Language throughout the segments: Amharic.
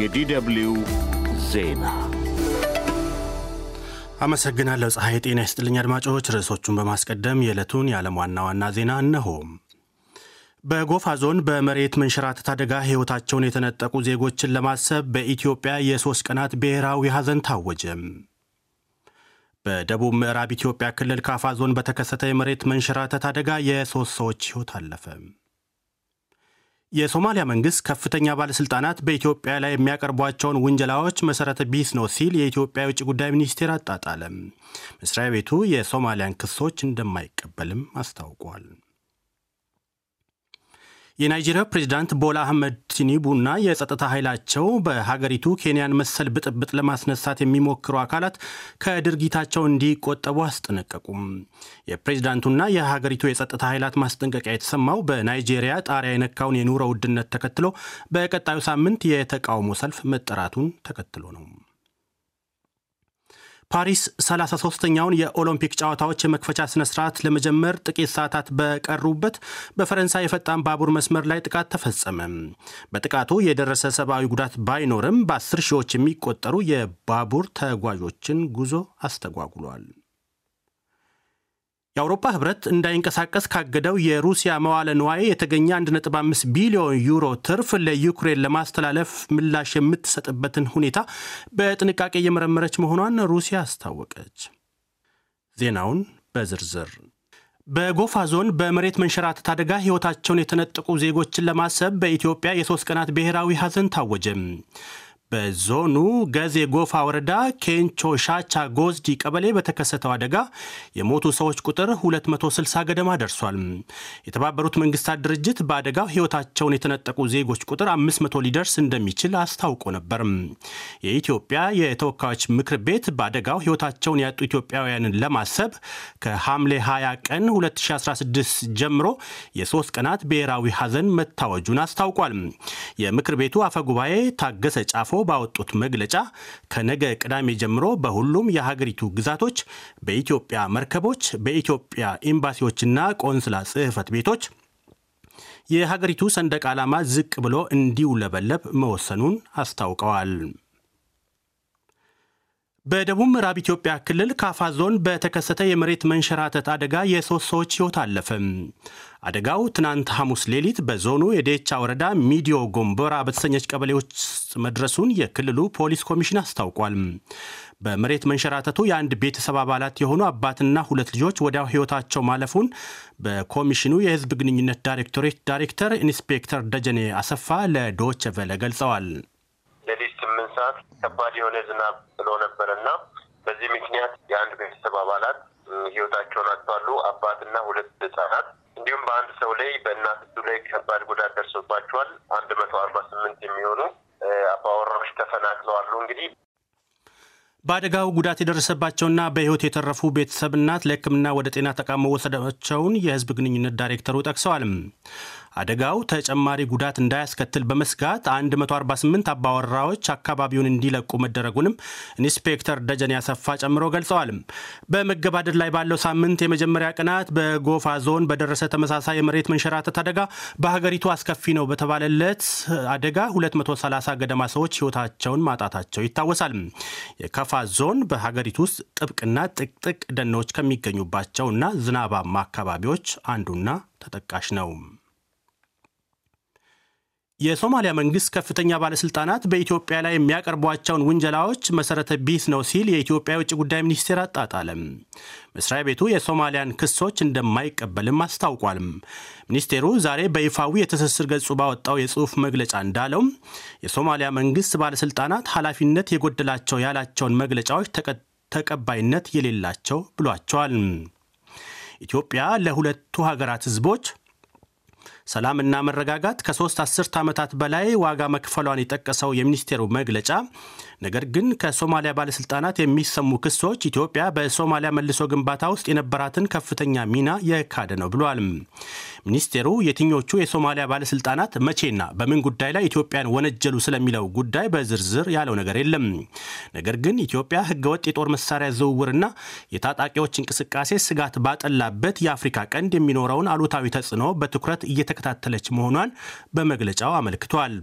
የዲደብልዩ ዜና አመሰግናለሁ ፀሐይ። ጤና ይስጥልኝ አድማጮች። ርዕሶቹን በማስቀደም የዕለቱን የዓለም ዋና ዋና ዜና እነሆ። በጎፋ ዞን በመሬት መንሸራተት አደጋ ሕይወታቸውን የተነጠቁ ዜጎችን ለማሰብ በኢትዮጵያ የሦስት ቀናት ብሔራዊ ሐዘን ታወጀ። በደቡብ ምዕራብ ኢትዮጵያ ክልል ካፋ ዞን በተከሰተ የመሬት መንሸራተት አደጋ የሦስት ሰዎች ሕይወት አለፈም። የሶማሊያ መንግስት ከፍተኛ ባለስልጣናት በኢትዮጵያ ላይ የሚያቀርቧቸውን ውንጀላዎች መሰረተ ቢስ ነው ሲል የኢትዮጵያ የውጭ ጉዳይ ሚኒስቴር አጣጣለም። መስሪያ ቤቱ የሶማሊያን ክሶች እንደማይቀበልም አስታውቋል። የናይጄሪያ ፕሬዚዳንት ቦላ አህመድ ቲኒቡና የጸጥታ ኃይላቸው በሀገሪቱ ኬንያን መሰል ብጥብጥ ለማስነሳት የሚሞክሩ አካላት ከድርጊታቸው እንዲቆጠቡ አስጠነቀቁም። የፕሬዚዳንቱና የሀገሪቱ የጸጥታ ኃይላት ማስጠንቀቂያ የተሰማው በናይጄሪያ ጣሪያ የነካውን የኑሮ ውድነት ተከትሎ በቀጣዩ ሳምንት የተቃውሞ ሰልፍ መጠራቱን ተከትሎ ነው። ፓሪስ 33ኛውን የኦሎምፒክ ጨዋታዎች የመክፈቻ ስነ ስርዓት ለመጀመር ጥቂት ሰዓታት በቀሩበት በፈረንሳይ የፈጣን ባቡር መስመር ላይ ጥቃት ተፈጸመ። በጥቃቱ የደረሰ ሰብአዊ ጉዳት ባይኖርም በአስር ሺዎች የሚቆጠሩ የባቡር ተጓዦችን ጉዞ አስተጓጉሏል። የአውሮፓ ህብረት እንዳይንቀሳቀስ ካገደው የሩሲያ መዋለ ንዋይ የተገኘ 1.5 ቢሊዮን ዩሮ ትርፍ ለዩክሬን ለማስተላለፍ ምላሽ የምትሰጥበትን ሁኔታ በጥንቃቄ እየመረመረች መሆኗን ሩሲያ አስታወቀች። ዜናውን በዝርዝር በጎፋ ዞን በመሬት መንሸራተት አደጋ ህይወታቸውን የተነጠቁ ዜጎችን ለማሰብ በኢትዮጵያ የሶስት ቀናት ብሔራዊ ሐዘን ታወጀም በዞኑ ገዜ ጎፋ ወረዳ ኬንቾ ሻቻ ጎዝዲ ቀበሌ በተከሰተው አደጋ የሞቱ ሰዎች ቁጥር 260 ገደማ ደርሷል። የተባበሩት መንግስታት ድርጅት በአደጋው ሕይወታቸውን የተነጠቁ ዜጎች ቁጥር 500 ሊደርስ እንደሚችል አስታውቆ ነበር። የኢትዮጵያ የተወካዮች ምክር ቤት በአደጋው ህይወታቸውን ያጡ ኢትዮጵያውያንን ለማሰብ ከሐምሌ 20 ቀን 2016 ጀምሮ የሶስት ቀናት ብሔራዊ ሐዘን መታወጁን አስታውቋል። የምክር ቤቱ አፈ ጉባኤ ታገሰ ጫፎ ባወጡት መግለጫ ከነገ ቅዳሜ ጀምሮ በሁሉም የሀገሪቱ ግዛቶች በኢትዮጵያ መርከቦች፣ በኢትዮጵያ ኤምባሲዎችና ቆንስላ ጽህፈት ቤቶች የሀገሪቱ ሰንደቅ ዓላማ ዝቅ ብሎ እንዲውለበለብ መወሰኑን አስታውቀዋል። በደቡብ ምዕራብ ኢትዮጵያ ክልል ካፋ ዞን በተከሰተ የመሬት መንሸራተት አደጋ የሶስት ሰዎች ሕይወት አለፈ። አደጋው ትናንት ሐሙስ ሌሊት በዞኑ የደቻ ወረዳ ሚዲዮ ጎንቦራ በተሰኘች ቀበሌዎች መድረሱን የክልሉ ፖሊስ ኮሚሽን አስታውቋል። በመሬት መንሸራተቱ የአንድ ቤተሰብ አባላት የሆኑ አባትና ሁለት ልጆች ወዲያው ሕይወታቸው ማለፉን በኮሚሽኑ የሕዝብ ግንኙነት ዳይሬክቶሬት ዳይሬክተር ኢንስፔክተር ደጀኔ አሰፋ ለዶቸቨለ ገልጸዋል። ሰዓት ከባድ የሆነ ዝናብ ጥሎ ነበር እና በዚህ ምክንያት የአንድ ቤተሰብ አባላት ህይወታቸውን አጥቷሉ። አባትና ሁለት ህጻናት እንዲሁም በአንድ ሰው ላይ በእናትቱ ላይ ከባድ ጉዳት ደርሶባቸዋል። አንድ መቶ አርባ ስምንት የሚሆኑ አባወራዎች ተፈናቅለዋሉ። እንግዲህ በአደጋው ጉዳት የደረሰባቸውና በህይወት የተረፉ ቤተሰብ እናት ለህክምና ወደ ጤና ተቋም መወሰዳቸውን የህዝብ ግንኙነት ዳይሬክተሩ ጠቅሰዋል። አደጋው ተጨማሪ ጉዳት እንዳያስከትል በመስጋት 148 አባወራዎች አካባቢውን እንዲለቁ መደረጉንም ኢንስፔክተር ደጀን ያሰፋ ጨምሮ ገልጸዋል። በመገባደድ ላይ ባለው ሳምንት የመጀመሪያ ቀናት በጎፋ ዞን በደረሰ ተመሳሳይ የመሬት መንሸራተት አደጋ በሀገሪቱ አስከፊ ነው በተባለለት አደጋ 230 ገደማ ሰዎች ህይወታቸውን ማጣታቸው ይታወሳል። የከፋ ዞን በሀገሪቱ ውስጥ ጥብቅና ጥቅጥቅ ደኖች ከሚገኙባቸውና ዝናባማ አካባቢዎች አንዱና ተጠቃሽ ነው። የሶማሊያ መንግስት ከፍተኛ ባለስልጣናት በኢትዮጵያ ላይ የሚያቀርቧቸውን ውንጀላዎች መሰረተ ቢስ ነው ሲል የኢትዮጵያ የውጭ ጉዳይ ሚኒስቴር አጣጣለም። መስሪያ ቤቱ የሶማሊያን ክሶች እንደማይቀበልም አስታውቋል። ሚኒስቴሩ ዛሬ በይፋዊ የትስስር ገጹ ባወጣው የጽሑፍ መግለጫ እንዳለው የሶማሊያ መንግስት ባለስልጣናት ኃላፊነት የጎደላቸው ያላቸውን መግለጫዎች ተቀባይነት የሌላቸው ብሏቸዋል። ኢትዮጵያ ለሁለቱ ሀገራት ህዝቦች ሰላምና መረጋጋት ከሶስት አስርት ዓመታት በላይ ዋጋ መክፈሏን የጠቀሰው የሚኒስቴሩ መግለጫ ነገር ግን ከሶማሊያ ባለስልጣናት የሚሰሙ ክሶች ኢትዮጵያ በሶማሊያ መልሶ ግንባታ ውስጥ የነበራትን ከፍተኛ ሚና የካደ ነው ብሏል። ሚኒስቴሩ የትኞቹ የሶማሊያ ባለስልጣናት መቼና በምን ጉዳይ ላይ ኢትዮጵያን ወነጀሉ ስለሚለው ጉዳይ በዝርዝር ያለው ነገር የለም። ነገር ግን ኢትዮጵያ ህገወጥ የጦር መሳሪያ ዝውውርና የታጣቂዎች እንቅስቃሴ ስጋት ባጠላበት የአፍሪካ ቀንድ የሚኖረውን አሉታዊ ተጽዕኖ በትኩረት እየተ እየተከታተለች መሆኗን በመግለጫው አመልክቷል።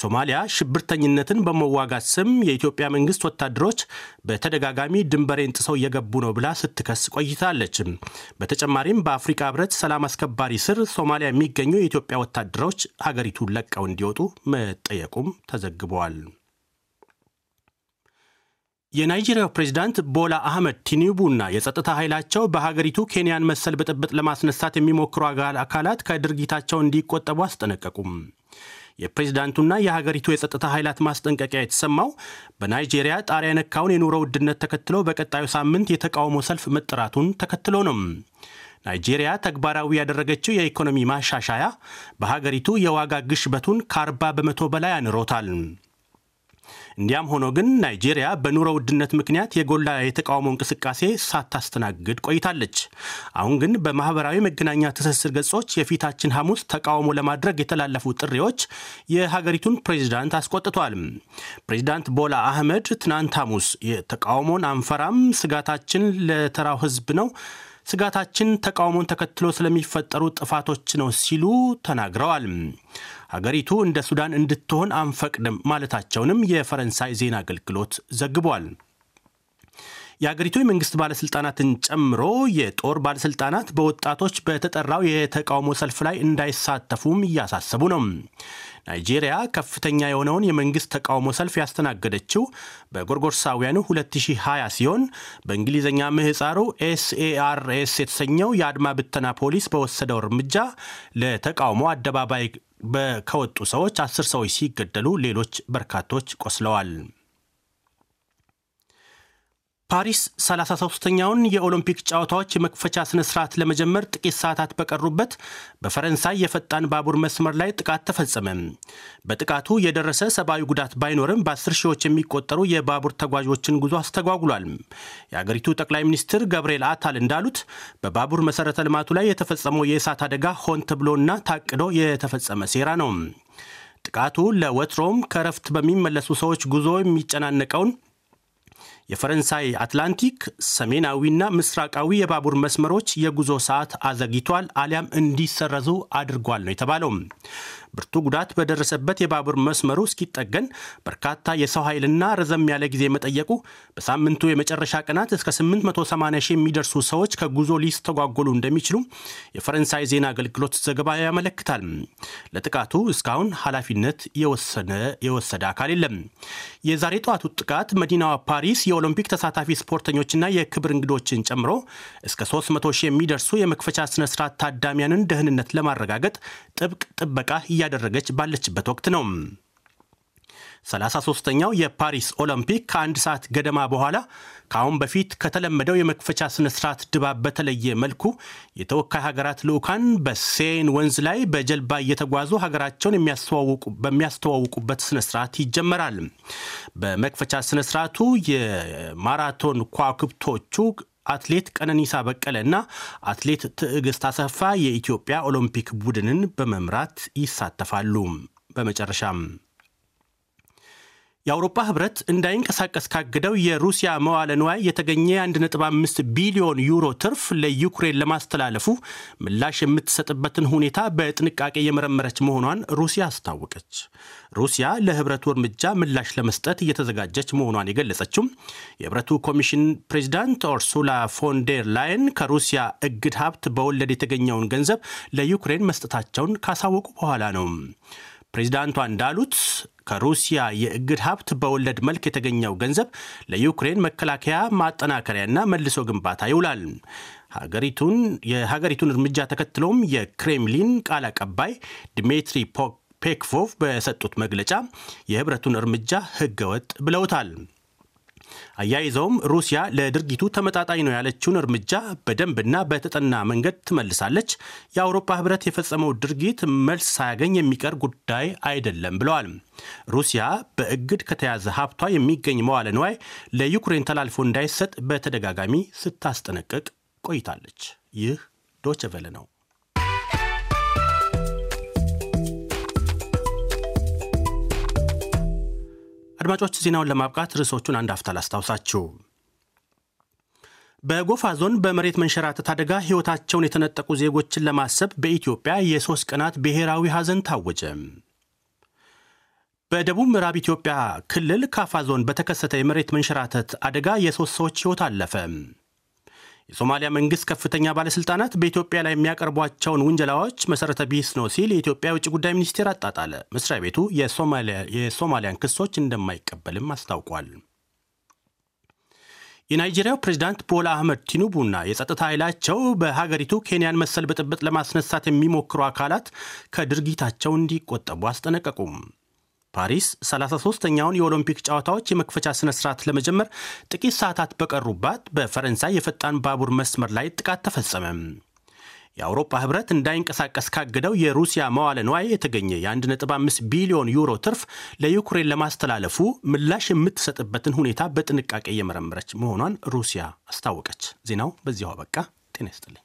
ሶማሊያ ሽብርተኝነትን በመዋጋት ስም የኢትዮጵያ መንግስት ወታደሮች በተደጋጋሚ ድንበሬን ጥሰው እየገቡ ነው ብላ ስትከስ ቆይታለች። በተጨማሪም በአፍሪካ ህብረት ሰላም አስከባሪ ስር ሶማሊያ የሚገኙ የኢትዮጵያ ወታደሮች ሀገሪቱን ለቀው እንዲወጡ መጠየቁም ተዘግበዋል። የናይጄሪያው ፕሬዚዳንት ቦላ አህመድ ቲኒቡና የጸጥታ ኃይላቸው በሀገሪቱ ኬንያን መሰል ብጥብጥ ለማስነሳት የሚሞክሩ አካላት ከድርጊታቸው እንዲቆጠቡ አስጠነቀቁም። የፕሬዚዳንቱና የሀገሪቱ የጸጥታ ኃይላት ማስጠንቀቂያ የተሰማው በናይጄሪያ ጣሪያ ነካውን የኑሮ ውድነት ተከትሎ በቀጣዩ ሳምንት የተቃውሞ ሰልፍ መጠራቱን ተከትሎ ነው። ናይጄሪያ ተግባራዊ ያደረገችው የኢኮኖሚ ማሻሻያ በሀገሪቱ የዋጋ ግሽበቱን ከ40 በመቶ በላይ አንሮታል። እንዲያም ሆኖ ግን ናይጄሪያ በኑሮ ውድነት ምክንያት የጎላ የተቃውሞ እንቅስቃሴ ሳታስተናግድ ቆይታለች። አሁን ግን በማህበራዊ መገናኛ ትስስር ገጾች የፊታችን ሐሙስ ተቃውሞ ለማድረግ የተላለፉ ጥሪዎች የሀገሪቱን ፕሬዚዳንት አስቆጥቷል። ፕሬዚዳንት ቦላ አህመድ ትናንት ሐሙስ የተቃውሞን አንፈራም፣ ስጋታችን ለተራው ህዝብ ነው ስጋታችን ተቃውሞን ተከትሎ ስለሚፈጠሩ ጥፋቶች ነው ሲሉ ተናግረዋል። ሀገሪቱ እንደ ሱዳን እንድትሆን አንፈቅድም ማለታቸውንም የፈረንሳይ ዜና አገልግሎት ዘግቧል። የአገሪቱ የመንግስት ባለስልጣናትን ጨምሮ የጦር ባለስልጣናት በወጣቶች በተጠራው የተቃውሞ ሰልፍ ላይ እንዳይሳተፉም እያሳሰቡ ነው። ናይጄሪያ ከፍተኛ የሆነውን የመንግስት ተቃውሞ ሰልፍ ያስተናገደችው በጎርጎርሳውያኑ 2020 ሲሆን በእንግሊዝኛ ምህፃሩ ኤስኤአርኤስ የተሰኘው የአድማ ብተና ፖሊስ በወሰደው እርምጃ ለተቃውሞ አደባባይ ከወጡ ሰዎች አስር ሰዎች ሲገደሉ ሌሎች በርካቶች ቆስለዋል። ፓሪስ 33ኛውን የኦሎምፒክ ጨዋታዎች የመክፈቻ ስነ ስርዓት ለመጀመር ጥቂት ሰዓታት በቀሩበት በፈረንሳይ የፈጣን ባቡር መስመር ላይ ጥቃት ተፈጸመ። በጥቃቱ የደረሰ ሰብአዊ ጉዳት ባይኖርም በ10 ሺዎች የሚቆጠሩ የባቡር ተጓዦችን ጉዞ አስተጓጉሏል። የአገሪቱ ጠቅላይ ሚኒስትር ገብርኤል አታል እንዳሉት በባቡር መሰረተ ልማቱ ላይ የተፈጸመው የእሳት አደጋ ሆን ተብሎና ታቅዶ የተፈጸመ ሴራ ነው። ጥቃቱ ለወትሮም ከረፍት በሚመለሱ ሰዎች ጉዞ የሚጨናነቀውን የፈረንሳይ አትላንቲክ ሰሜናዊና ምስራቃዊ የባቡር መስመሮች የጉዞ ሰዓት አዘግይቷል አሊያም እንዲሰረዙ አድርጓል ነው የተባለው። ብርቱ ጉዳት በደረሰበት የባቡር መስመሩ እስኪጠገን በርካታ የሰው ኃይልና ረዘም ያለ ጊዜ መጠየቁ በሳምንቱ የመጨረሻ ቀናት እስከ 880 ሺህ የሚደርሱ ሰዎች ከጉዞ ሊስተጓጎሉ እንደሚችሉ የፈረንሳይ ዜና አገልግሎት ዘገባ ያመለክታል። ለጥቃቱ እስካሁን ኃላፊነት የወሰደ አካል የለም። የዛሬ ጠዋቱ ጥቃት መዲናዋ ፓሪስ የኦሎምፒክ ተሳታፊ ስፖርተኞችና የክብር እንግዶችን ጨምሮ እስከ 300 ሺህ የሚደርሱ የመክፈቻ ስነስርዓት ታዳሚያንን ደህንነት ለማረጋገጥ ጥብቅ ጥበቃ እያደረገች ባለችበት ወቅት ነው። 33ኛው የፓሪስ ኦሎምፒክ ከአንድ ሰዓት ገደማ በኋላ ከአሁን በፊት ከተለመደው የመክፈቻ ስነ ስርዓት ድባብ በተለየ መልኩ የተወካይ ሀገራት ልዑካን በሴን ወንዝ ላይ በጀልባ እየተጓዙ ሀገራቸውን በሚያስተዋውቁበት ስነ ስርዓት ይጀመራል። በመክፈቻ ስነ ስርዓቱ የማራቶን ኳክብቶቹ አትሌት ቀነኒሳ በቀለ እና አትሌት ትዕግስት አሰፋ የኢትዮጵያ ኦሎምፒክ ቡድንን በመምራት ይሳተፋሉ። በመጨረሻም የአውሮፓ ህብረት እንዳይንቀሳቀስ ካገደው የሩሲያ መዋለ ንዋይ የተገኘ 1.5 ቢሊዮን ዩሮ ትርፍ ለዩክሬን ለማስተላለፉ ምላሽ የምትሰጥበትን ሁኔታ በጥንቃቄ የመረመረች መሆኗን ሩሲያ አስታወቀች። ሩሲያ ለህብረቱ እርምጃ ምላሽ ለመስጠት እየተዘጋጀች መሆኗን የገለጸችው የህብረቱ ኮሚሽን ፕሬዚዳንት ኦርሱላ ፎንዴር ላየን ከሩሲያ እግድ ሀብት በወለድ የተገኘውን ገንዘብ ለዩክሬን መስጠታቸውን ካሳወቁ በኋላ ነው። ፕሬዚዳንቷ እንዳሉት ከሩሲያ የእግድ ሀብት በወለድ መልክ የተገኘው ገንዘብ ለዩክሬን መከላከያ ማጠናከሪያና መልሶ ግንባታ ይውላል። ሀገሪቱን የሀገሪቱን እርምጃ ተከትሎም የክሬምሊን ቃል አቀባይ ድሜትሪ ፔክፎቭ በሰጡት መግለጫ የህብረቱን እርምጃ ህገወጥ ብለውታል። አያይዘውም ሩሲያ ለድርጊቱ ተመጣጣኝ ነው ያለችውን እርምጃ በደንብና በተጠና መንገድ ትመልሳለች፣ የአውሮፓ ህብረት የፈጸመው ድርጊት መልስ ሳያገኝ የሚቀር ጉዳይ አይደለም ብለዋል። ሩሲያ በእግድ ከተያዘ ሀብቷ የሚገኝ መዋለ ንዋይ ለዩክሬን ተላልፎ እንዳይሰጥ በተደጋጋሚ ስታስጠነቅቅ ቆይታለች። ይህ ዶቸቨለ ነው። አድማጮች ዜናውን ለማብቃት ርዕሶቹን አንድ አፍታ ላስታውሳችሁ። በጎፋ ዞን በመሬት መንሸራተት አደጋ ሕይወታቸውን የተነጠቁ ዜጎችን ለማሰብ በኢትዮጵያ የሶስት ቀናት ብሔራዊ ሐዘን ታወጀ። በደቡብ ምዕራብ ኢትዮጵያ ክልል ካፋ ዞን በተከሰተ የመሬት መንሸራተት አደጋ የሶስት ሰዎች ሕይወት አለፈ። የሶማሊያ መንግስት ከፍተኛ ባለስልጣናት በኢትዮጵያ ላይ የሚያቀርቧቸውን ውንጀላዎች መሰረተ ቢስ ነው ሲል የኢትዮጵያ የውጭ ጉዳይ ሚኒስቴር አጣጣለ። መስሪያ ቤቱ የሶማሊያን ክሶች እንደማይቀበልም አስታውቋል። የናይጄሪያው ፕሬዚዳንት ቦላ አህመድ ቲኑቡና የጸጥታ ኃይላቸው በሀገሪቱ ኬንያን መሰል ብጥብጥ ለማስነሳት የሚሞክሩ አካላት ከድርጊታቸው እንዲቆጠቡ አስጠነቀቁም። ፓሪስ 33ኛውን የኦሎምፒክ ጨዋታዎች የመክፈቻ ስነ ስርዓት ለመጀመር ጥቂት ሰዓታት በቀሩባት በፈረንሳይ የፈጣን ባቡር መስመር ላይ ጥቃት ተፈጸመ። የአውሮፓ ህብረት እንዳይንቀሳቀስ ካገደው የሩሲያ መዋለ ንዋይ የተገኘ የ1.5 ቢሊዮን ዩሮ ትርፍ ለዩክሬን ለማስተላለፉ ምላሽ የምትሰጥበትን ሁኔታ በጥንቃቄ እየመረመረች መሆኗን ሩሲያ አስታወቀች። ዜናው በዚያው አበቃ። ጤና ይስጥልኝ።